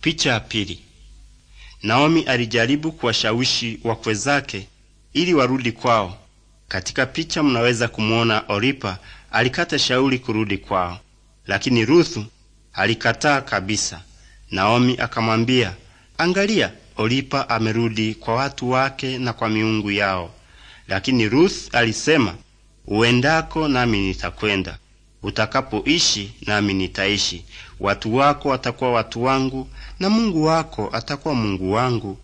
Picha ya pili. Naomi alijaribu kuwashawishi wakwe zake ili warudi kwao. Katika picha mnaweza kumwona Oripa alikata shauri kurudi kwao, lakini Ruthu alikataa kabisa. Naomi akamwambia, angalia, Oripa amerudi kwa watu wake na kwa miungu yao. Lakini Ruth alisema, uendako nami nitakwenda. Utakapoishi nami nitaishi, watu wako watakuwa watu wangu, na Mungu wako atakuwa Mungu wangu.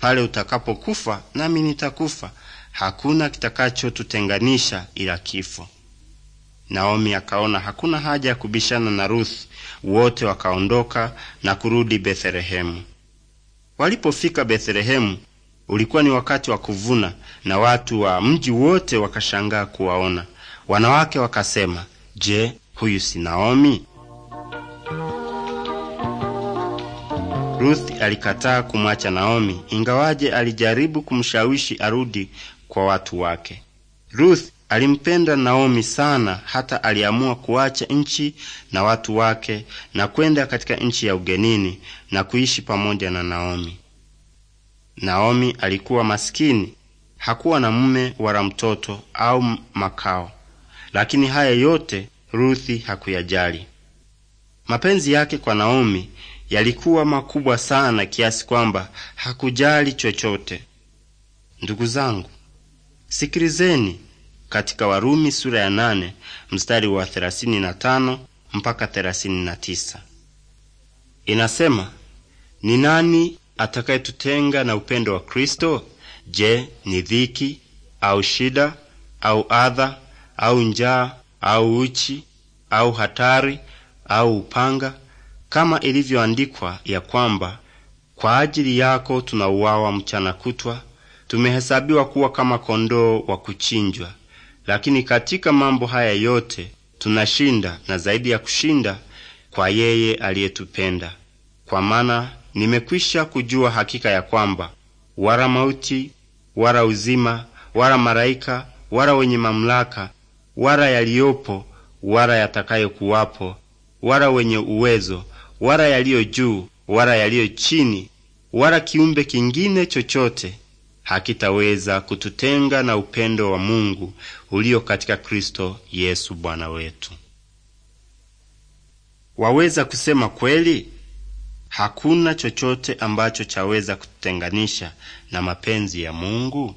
Pale utakapokufa nami nitakufa, hakuna kitakachotutenganisha ila kifo. Naomi akaona hakuna haja ya kubishana na Ruth. Wote wakaondoka na kurudi Bethlehemu. Walipofika Bethlehemu, ulikuwa ni wakati wa kuvuna, na watu wa mji wote wakashangaa kuwaona. Wanawake wakasema, Je, huyu si Naomi? Ruth alikataa kumwacha Naomi, ingawaje alijaribu kumshawishi arudi kwa watu wake. Ruth alimpenda Naomi sana, hata aliamua kuacha nchi na watu wake na kwenda katika nchi ya ugenini na kuishi pamoja na Naomi. Naomi alikuwa maskini, hakuwa na mume wala mtoto au makao. Lakini haya yote Ruthi hakuyajali. Mapenzi yake kwa Naomi yalikuwa makubwa sana kiasi kwamba hakujali chochote. Ndugu zangu, sikilizeni katika Warumi sura ya nane mstari wa 35 mpaka 39. Inasema, ni nani atakayetutenga na upendo wa Kristo? Je, ni dhiki au shida au adha au njaa au uchi au hatari au upanga, kama ilivyoandikwa ya kwamba kwa ajili yako tunauawa mchana kutwa, tumehesabiwa kuwa kama kondoo wa kuchinjwa. Lakini katika mambo haya yote tunashinda na zaidi ya kushinda kwa yeye aliyetupenda. Kwa maana nimekwisha kujua hakika ya kwamba wala mauti wala uzima wala malaika wala wenye mamlaka wala yaliyopo, wala yatakayokuwapo, wala wenye uwezo, wala yaliyo juu, wala yaliyo chini, wala kiumbe kingine chochote hakitaweza kututenga na upendo wa Mungu ulio katika Kristo Yesu Bwana wetu. Waweza kusema kweli? Hakuna chochote ambacho chaweza kututenganisha na mapenzi ya Mungu.